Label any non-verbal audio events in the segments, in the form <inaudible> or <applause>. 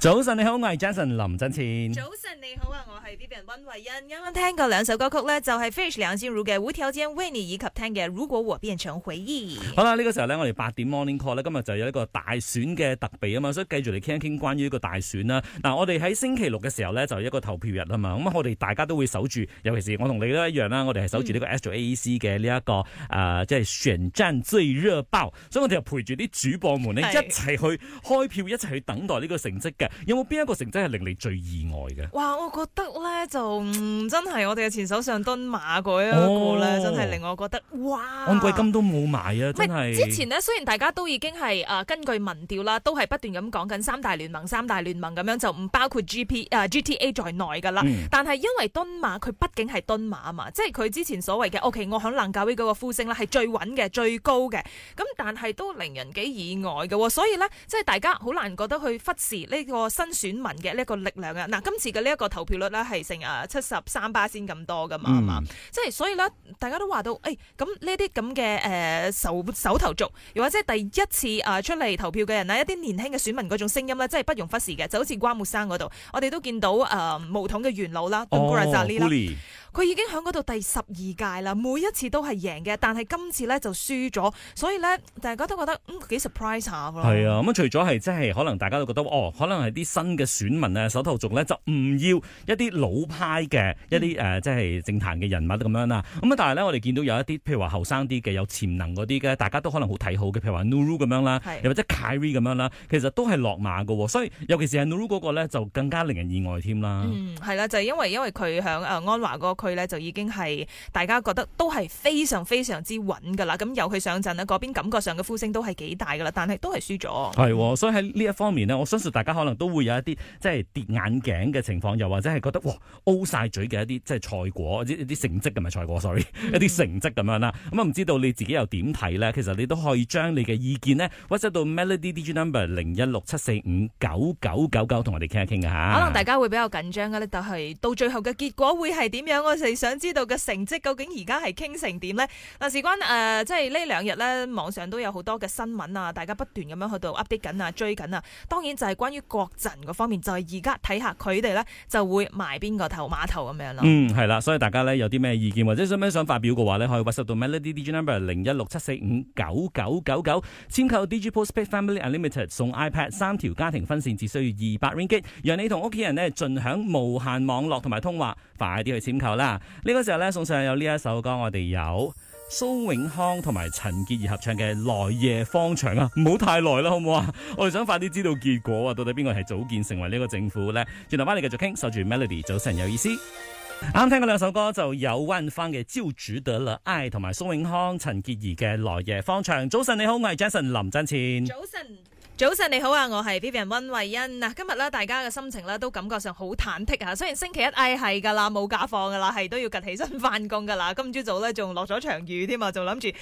早晨你好，我係 Jason 林振前。早晨你好啊，我係 Vivian 溫慧欣。啱啱聽過兩首歌曲咧，就係、是、Fish 兩千儒嘅《無條件 Winning》以及聽嘅《如果我變成回憶》好了。好啦，呢個時候咧，我哋八點 Morning Call 咧，今日就有一個大選嘅特備啊嘛，所以繼續嚟傾一傾關於呢個大選啦。嗱、啊，我哋喺星期六嘅時候咧，就有一個投票日啊嘛，咁、嗯、我哋大家都會守住，尤其是我同你都一樣啦、啊，我哋係守住呢個 A 的、這個、S A A C 嘅呢一個誒，即係、呃就是、選戰最熱爆，所以我哋就陪住啲主播們咧一齊去開票，一齊去等待呢個成績嘅。有冇邊一個成績真係令你最意外嘅？哇！我覺得咧就、嗯、真係我哋嘅前首相敦馬嗰一個咧，哦、真係令我覺得哇！按櫃金都冇買啊！即係之前咧，雖然大家都已經係啊、呃、根據民調啦，都係不斷咁講緊三大聯盟、三大聯盟咁樣就唔包括 G P 啊、呃、G T A 在內噶啦。嗯、但係因為敦馬佢畢竟係敦馬嘛，即係佢之前所謂嘅 O K，我響蘭桂威個呼聲咧係最穩嘅、最高嘅。咁但係都令人幾意外嘅喎、喔，所以咧即係大家好難覺得去忽視呢、這個個新選民嘅呢一個力量啊，嗱，今次嘅呢一個投票率咧係成啊七十三巴先咁多噶嘛。嗯、即係所以咧，大家都話到，誒，咁呢啲咁嘅誒首首投族，又或者係第一次啊出嚟投票嘅人啊，一啲年輕嘅選民嗰種聲音咧，真係不容忽視嘅，就好似瓜木生嗰度，我哋都見到誒毛、呃、統嘅元老啦，Don Grisalli 佢已經響嗰度第十二屆啦，每一次都係贏嘅，但係今次咧就輸咗，所以咧大家都覺得嗯幾 surprise 下係啊，咁、嗯、除咗係即係可能大家都覺得哦，可能係啲新嘅選民咧手頭族咧就唔要一啲老派嘅、嗯、一啲誒即係政壇嘅人物咁樣啦，咁啊但係咧我哋見到有一啲譬如話後生啲嘅有潛能嗰啲嘅，大家都可能好睇好嘅，譬如話 Nuru 咁樣啦，是又或者 Kyrie 咁樣啦，其實都係落馬嘅，所以尤其是係 Nuru 嗰個咧就更加令人意外添啦。嗯，係啦，就係、因為因為佢響誒安華嗰區咧就已經係大家覺得都係非常非常之穩嘅啦，咁由佢上陣咧嗰邊感覺上嘅呼聲都係幾大嘅啦，但係都係輸咗。係，所以喺呢一方面呢，我相信大家可能，都會有一啲即係跌眼鏡嘅情況，又或者係覺得哇 O 曬嘴嘅一啲即係賽果，一啲成績唔係賽果，sorry，、嗯、一啲成績咁樣啦。咁啊唔知道你自己又點睇咧？其實你都可以將你嘅意見呢 WhatsApp 到 Melody Digi Number 零一六七四五九九九九，同我哋傾一傾嘅嚇。可能大家會比較緊張嘅咧，但係到最後嘅結果會係點樣？我哋想知道嘅成績究竟而家係傾成點呢？嗱，事關誒、呃，即係呢兩日咧，網上都有好多嘅新聞啊，大家不斷咁樣去到 update 緊啊，追緊啊。當然就係關於國。陣嗰方面就係而家睇下佢哋咧就會埋邊個頭碼頭咁樣咯。嗯，係啦，所以大家咧有啲咩意見或者想咩想發表嘅話咧，可以 WhatsApp 到 Melody DJ number 零一六七四五九九九九，簽購 Digi Postpaid family unlimited 送 iPad 三條家庭分線，只需要二百 ringgit，讓你同屋企人呢盡享無限網絡同埋通話，快啲去簽購啦！呢、這個時候咧送上有呢一首歌，我哋有。蘇永康同埋陳潔儀合唱嘅《來夜方長》啊，唔好太耐啦，好唔好啊？我哋想快啲知道結果啊，到底邊個係組建成為呢個政府咧？轉頭翻嚟繼續傾，守住 Melody，早晨有意思。啱聽過兩首歌就有 o n 翻嘅《招主的愛》同埋蘇永康、陳潔儀嘅《來夜方長》。早晨你好，我係 Jason 林振前。早晨。早晨你好啊，我係 Vivian 溫慧欣啊，今日咧大家嘅心情咧都感覺上好忐忑啊，雖然星期一哎係噶啦，冇假放噶啦，係都要趌起身翻工噶啦，今朝早咧仲落咗場雨添啊，仲諗住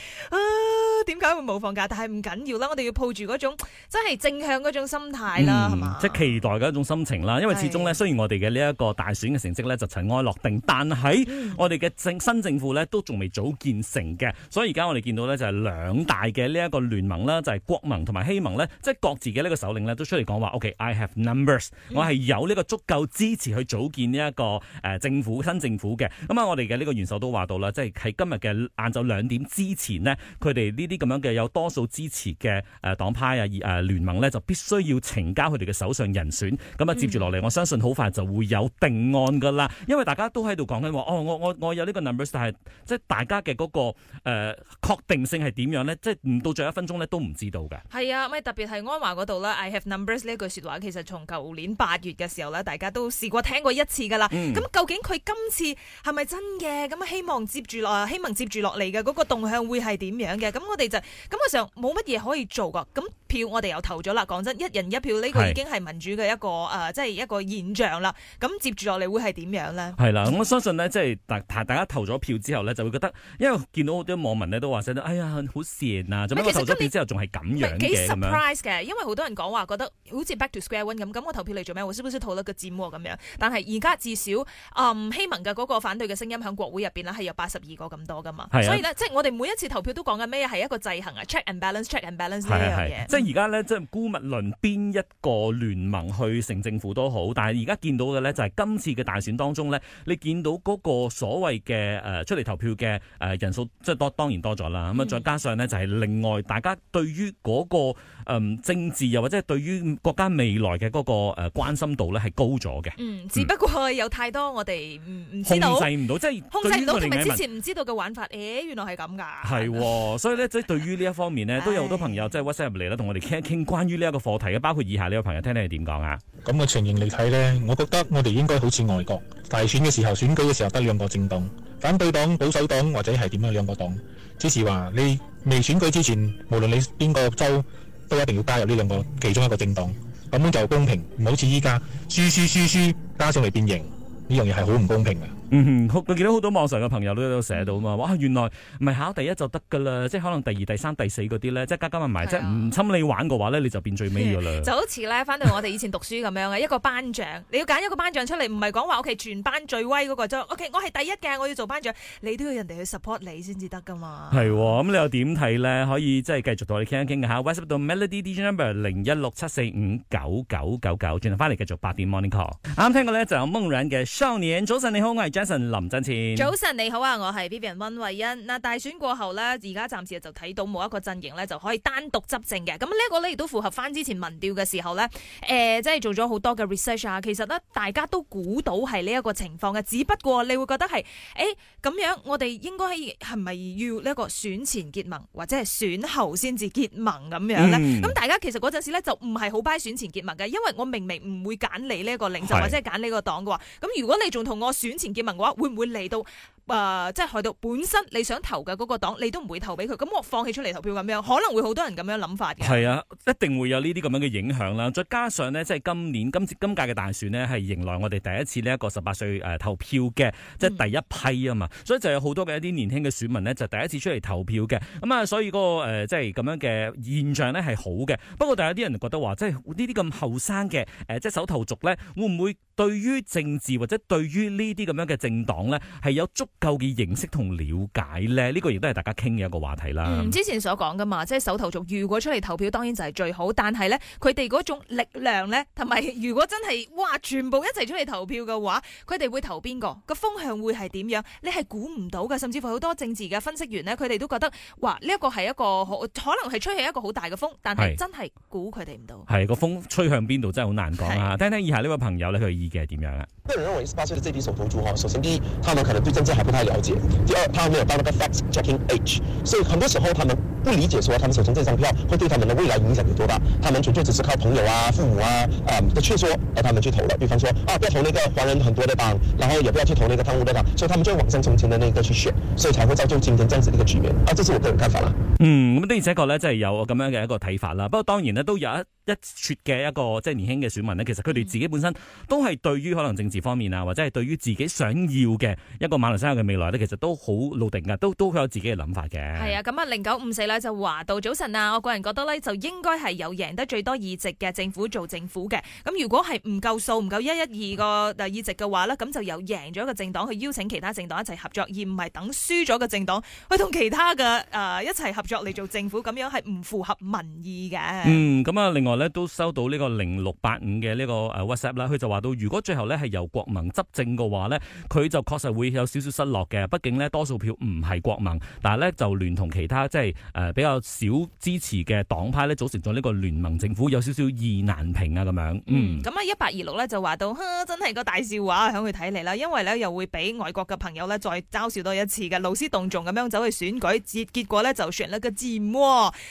點解會冇放假？但係唔緊要啦，我哋要抱住嗰種真係正向嗰種心態啦，嗯，係嘛？即係期待嘅一種心情啦。因為始終咧，雖然我哋嘅呢一個大選嘅成績咧就塵埃落定，但係我哋嘅政新政府咧都仲未組建成嘅。所以而家我哋見到咧就係兩大嘅呢一個聯盟啦，就係國盟同埋希望咧，即係各自嘅呢個首領咧都出嚟講話。OK，I have numbers，我係有呢個足夠支持去組建呢一個誒政府新政府嘅。咁啊，我哋嘅呢個元首都話到啦，即係喺今日嘅晏晝兩點之前呢，佢哋呢啲。咁樣嘅有多數支持嘅誒、呃、黨派啊誒、呃呃、聯盟呢就必須要呈交佢哋嘅首相人選。咁啊，接住落嚟，我相信好快就會有定案噶啦。因為大家都喺度講緊話，哦，我我我有呢個 numbers，但係即係大家嘅嗰、那個誒、呃、確定性係點樣呢？即係唔到最後一分鐘呢都唔知道㗎。係啊，咪特別係安華嗰度呢 I have numbers 呢句説話，其實從舊年八月嘅時候呢，大家都試過聽過一次㗎啦。咁、嗯、究竟佢今次係咪真嘅？咁希望接住落，希望接住落嚟嘅嗰個動向會係點樣嘅？咁我哋。咁我時冇乜嘢可以做噶，咁票我哋又投咗啦。講真，一人一票呢個已經係民主嘅一個誒是、呃，即係一個現象啦。咁接住落嚟會係點樣咧？係啦，咁我相信咧，即係大大家投咗票之後咧，就會覺得，因為見到好多網民咧都話哎呀，好善啊！做咩我投咗票之後仲係咁樣嘅？幾 surprise 嘅，因為好多人講話覺得好似 back to square one 咁。我投票嚟做咩？我識唔識討論個字咁樣？但係而家至少、嗯、希盟嘅嗰個反對嘅聲音響國會入邊係有八十二個咁多噶嘛。的所以呢，即係我哋每一次投票都講緊咩啊？係一個。制衡啊，check and balance，check and balance 呢啲嘢。係係，即係而家咧，即係姑勿論邊一個聯盟去成政府都好，但係而家見到嘅咧，就係、是、今次嘅大選當中咧，你見到嗰個所謂嘅、呃、出嚟投票嘅人數，即係多當然多咗啦。咁啊，再加上咧就係、是、另外大家對於嗰、那個、嗯、政治又或者係對於國家未來嘅嗰個關心度咧係高咗嘅、嗯。只不過有太多我哋唔唔知道控制唔到，即係控制唔到同埋之前唔知道嘅玩法，誒、欸、原來係咁㗎。係喎，所以咧。 <laughs> 所以對於呢一方面呢，都有好多朋友即係 WhatsApp 入嚟啦，同我哋傾一傾關於呢一個課題嘅，包括以下呢個朋友聽你係點講啊？咁嘅情形嚟睇呢，我覺得我哋應該好似外國，大選嘅時候選舉嘅時候得兩個政黨，反對黨、保守黨或者係點樣兩個黨，只是話你未選舉之前，無論你邊個州都一定要加入呢兩個其中一個政黨，咁樣就公平，唔好似依家輸輸輸輸加上嚟變形，呢樣嘢係好唔公平嘅。嗯，我見到好多網上嘅朋友都寫到啊嘛，哇，原來唔係考第一就得噶啦，即係可能第二、第三、第四嗰啲咧，即係加加埋埋，的即係唔、嗯、侵你玩嘅話咧，你就變最尾噶啦。就好似咧，翻到我哋以前讀書咁樣嘅， <laughs> 一個班長，你要揀一個班長出嚟，唔係講話我係全班最威嗰、那個啫。OK，我係第一嘅，我要做班長，你都要人哋去 support 你先至得噶嘛。係，咁你又點睇咧？可以即係繼續同我哋傾一傾嘅嚇 WhatsApp 到 Melody DJ number 零一六七四五九九九九，轉頭翻嚟繼續八點 Morning Call。啱啱 <laughs> 聽過咧就有孟然嘅少年，早晨你好，我係 Jason 林振前，早晨你好啊，我係 Vivian 溫慧欣。嗱，大選過後咧，而家暫時就睇到冇一個陣營咧就可以單獨執政嘅。咁呢一個咧亦都符合翻之前民調嘅時候咧，誒、呃，即係做咗好多嘅 research 啊。其實咧，大家都估到係呢一個情況嘅，只不過你會覺得係，誒、欸，咁樣我哋應該係係咪要呢一個選前結盟，或者係選後先至結盟咁樣咧？咁、嗯嗯、大家其實嗰陣時咧就唔係好 buy 選前結盟嘅，因為我明明唔會揀你呢一個領袖是或者係揀呢個黨嘅。咁如果你仲同我選前結盟問我會唔會嚟到？誒、呃，即係害到本身你想投嘅嗰個黨，你都唔會投俾佢，咁我放棄出嚟投票咁樣，可能會好多人咁樣諗法嘅。係啊，一定會有呢啲咁樣嘅影響啦。再加上呢，即係今年今次今屆嘅大選呢，係迎來我哋第一次呢一個十八歲誒、呃、投票嘅，即係第一批啊嘛。嗯、所以就有好多嘅一啲年輕嘅選民呢，就第一次出嚟投票嘅。咁、嗯、啊，所以嗰、嗰個、呃、即係咁樣嘅現象呢，係好嘅。不過，但係有啲人覺得話，即係呢啲咁後生嘅誒，即係首投族呢，會唔會對於政治或者對於呢啲咁樣嘅政黨呢，係有足究竟認識同了解咧？呢個亦都係大家傾嘅一個話題啦。嗯，之前所講嘅嘛，即係手頭族如果出嚟投票，當然就係最好。但係咧，佢哋嗰種力量咧，同埋如果真係哇，全部一齊出嚟投票嘅話，佢哋會投邊個？個風向會係點樣？你係估唔到嘅，甚至乎好多政治嘅分析員呢，佢哋都覺得哇，呢一個係一個好可能係吹起一個好大嘅風，但係真係估佢哋唔到。係個風吹向邊度真係好難講啊！聽聽的以下呢位朋友咧，佢嘅意見係點樣啊？我認為十八歲嘅這批手頭族，嗬，首先第一，他們可能對政治不太了解。第二，他還沒有到那個 facts checking age，所以很多時候他們不理解，說他們手中這張票會對他們的未來影響有多大。他們純粹只是靠朋友啊、父母啊啊、嗯、的勸說，而他們去投了。比方說，啊，不要投那個華人很多的黨，然後也不要去投那個貪污的黨，所以他們就網上從前的那個去選，所以才會造就今天這樣子的一個局面。啊，這是我個人看法啦。嗯，咁的而且確咧，真係有咁樣嘅一個睇法啦。不過當然呢，都有一。一撮嘅一個即係年輕嘅選民呢，其實佢哋自己本身都係對於可能政治方面啊，或者係對於自己想要嘅一個馬來西亞嘅未來呢，其實都好露定嘅，都都好有自己嘅諗法嘅。係啊，咁啊零九五四呢，就話到早晨啊，我個人覺得呢，就應該係有贏得最多議席嘅政府做政府嘅。咁如果係唔夠數，唔夠一一二個議席嘅話呢，咁就由贏咗個政黨去邀請其他政黨一齊合作，而唔係等輸咗個政黨去同其他嘅、呃、一齊合作嚟做政府，咁樣係唔符合民意嘅。嗯，咁啊另外。咧都收到呢個零六八五嘅呢個誒 WhatsApp 啦，佢就話到如果最後呢係由國盟執政嘅話呢，佢就確實會有少少失落嘅。畢竟呢，多數票唔係國盟，但係呢就聯同其他即係誒、呃、比較少支持嘅黨派呢，組成咗呢個聯盟政府，有少少意難平啊咁樣。嗯，咁啊一八二六呢就話到，呵真係個大笑話喺佢睇嚟啦，因為呢又會俾外國嘅朋友呢再嘲笑多一次嘅。勞師動眾咁樣走去選舉，結結果呢就輸得個戰。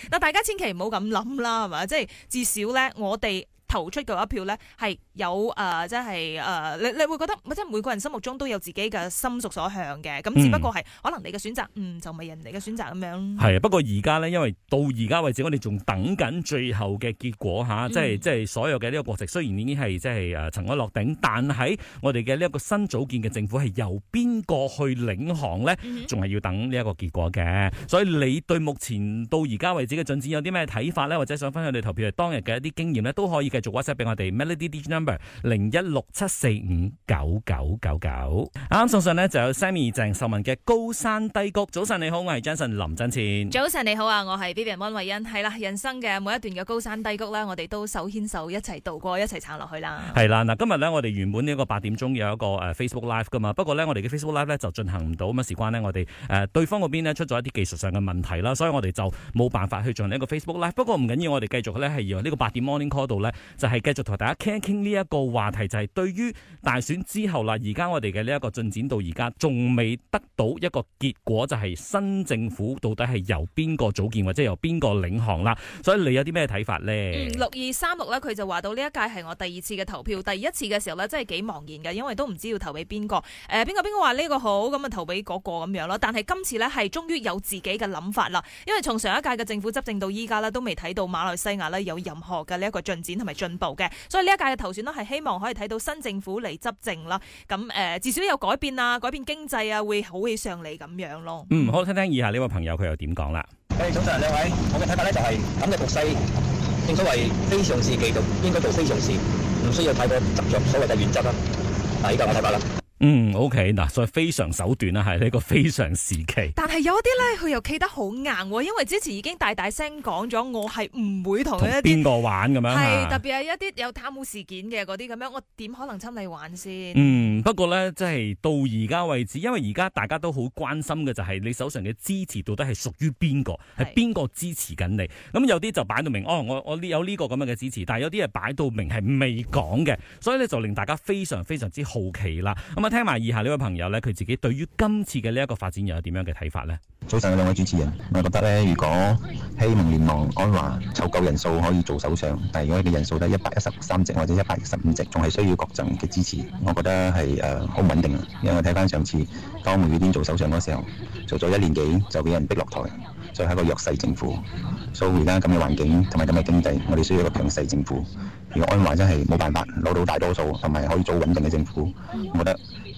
但大家千祈唔好咁諗啦，係嘛，即係少咧，我哋投出嘅一票咧，係有誒，即係誒，你你會覺得，即係每個人心目中都有自己嘅心屬所向嘅，咁只不過係可能你嘅選擇，嗯，嗯，就唔係人哋嘅選擇咁樣。係不過而家咧，因為到而家為止，我哋仲等緊最後嘅結果嚇，即係即係所有嘅呢個國籍，雖然已經係即係誒塵埃落定，但係我哋嘅呢一個新組建嘅政府係由邊個去領航咧，仲係要等呢一個結果嘅。所以你對目前到而家為止嘅進展有啲咩睇法咧，或者想分享你投票係當日嘅一啲經驗咧，都可以繼續。做 WhatsApp 俾我哋 Melody D Number 零一六七四五九九九九。啱啱送上呢就有 Sammy 鄭秀文嘅高山低谷。早晨你好，我係 Jason 林振前。早晨你好啊，我係 B B 溫慧欣。係啦，人生嘅每一段嘅高山低谷咧，我哋都手牽手一齊渡過，一齊撐落去啦。係啦，嗱，今日咧，我哋原本呢個八點鐘有一個誒 Facebook Live 噶嘛，不過咧我哋嘅 Facebook Live 咧就進行唔到，咁啊事關咧我哋誒對方嗰邊咧出咗一啲技術上嘅問題啦，所以我哋就冇辦法去進行一個 Facebook Live。不過唔緊要，我哋繼續咧係要呢個八點 Morning Call 度咧。就係繼續同大家傾一傾呢一個話題，就係、是、對於大選之後啦，而家我哋嘅呢一個進展到而家仲未得到一個結果，就係、是、新政府到底係由邊個組建或者由邊個領航啦。所以你有啲咩睇法呢？六二三六咧，佢就話到呢一屆係我第二次嘅投票，第一次嘅時候呢，真係幾茫然嘅，因為都唔知要投俾邊個。誒、呃，邊個邊個話呢個好，咁啊投俾嗰個咁樣咯。但係今次呢，係終於有自己嘅諗法啦，因為從上一屆嘅政府執政到依家呢，都未睇到馬來西亞呢有任何嘅呢一個進展同埋進步嘅，所以呢一屆嘅投選都係希望可以睇到新政府嚟執政啦。咁誒、呃，至少有改變啊，改變經濟啊，會好起上嚟咁樣咯。嗯，好，聽聽以下呢位朋友佢又點講啦。誒，早晨兩位，我嘅睇法咧就係咁嘅局勢，正所謂非常事，做應該做非常事，唔需要太過執着所謂嘅原則啦。嗱，依家我睇法啦。嗯，OK，嗱，所以非常手段啦，係呢個非常時期。但係有一啲咧，佢又企得好硬，因為之前已經大大聲講咗，我係唔會同一啲邊個玩咁樣，係特別係一啲有貪污事件嘅嗰啲咁樣，我點可能侵你玩先？嗯，不過咧，即係到而家為止，因為而家大家都好關心嘅就係你手上嘅支持到底係屬於邊個，係邊個支持緊你。咁有啲就擺到明，哦，我我有呢個咁樣嘅支持，但係有啲係擺到明係未講嘅，所以咧就令大家非常非常之好奇啦。咁啊。聽埋以下呢位朋友呢，佢自己對於今次嘅呢一個發展又有點樣嘅睇法呢？早晨嘅兩位主持人，我覺得呢，如果希望聯盟安華湊夠人數可以做首相，但係如果佢嘅人數得一百一十三隻或者一百一十五隻，仲係需要各陣嘅支持，我覺得係誒好唔穩定。因為睇翻上次當梅雨天做首相嗰時候，做咗一年幾就俾人逼落台。就係一個弱勢政府，所以而家咁嘅環境同埋咁嘅經濟，我哋需要一個強勢政府。如果安華真係冇辦法攞到大多數，同埋可以做穩定嘅政府，我覺得。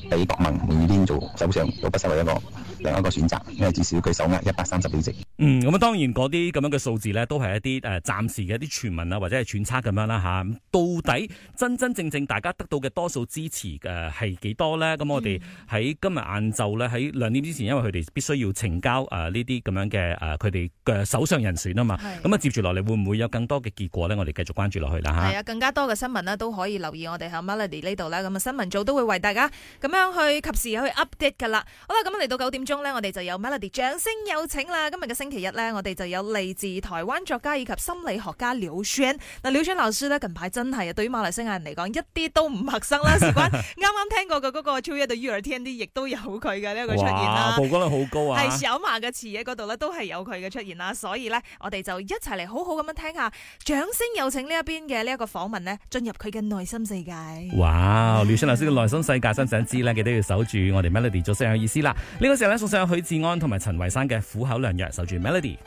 俾國民，唔易做首相，都不失為一個另一個選擇，因為至少佢手握一百三十幾席。嗯，咁啊當然嗰啲咁樣嘅數字呢，都係一啲誒暫時嘅一啲傳聞啊，或者係揣測咁樣啦吓，到底真真正正大家得到嘅多數支持誒係幾多少呢？咁、嗯、我哋喺今日晏晝呢，喺兩點之前，因為佢哋必須要呈交誒呢啲咁樣嘅誒佢哋嘅首相人選啊嘛。咁啊的接住落嚟會唔會有更多嘅結果呢？我哋繼續關注落去啦嚇。係啊，更加多嘅新聞呢，都可以留意我哋喺 Melody 呢度啦。咁啊新聞組都會為大家咁去及時去 update 噶啦，好啦，咁嚟到九點鐘呢，我哋就有 Melody 掌聲有請啦。今日嘅星期日呢，我哋就有嚟自台灣作家以及心理學家劉軒嗱，劉軒老師呢近排真係啊，對於馬來西亞人嚟講一啲都唔陌生啦。事關啱啱聽過嘅嗰、那個超越 Your T N D 亦都有佢嘅呢個出現啦，曝光率好高啊，係小馬嘅詞嘢嗰度呢都係有佢嘅出現啦，所以呢，我哋就一齊嚟好好咁樣聽下掌聲有請呢一邊嘅呢一個訪問呢，進入佢嘅內心世界。哇，劉軒老師嘅內心世界，真想知。記得要守住我哋 Melody，做聲有意思啦！呢、呢個時候咧，送上許志安同埋陳慧珊嘅《虎口良藥》，守住 Melody。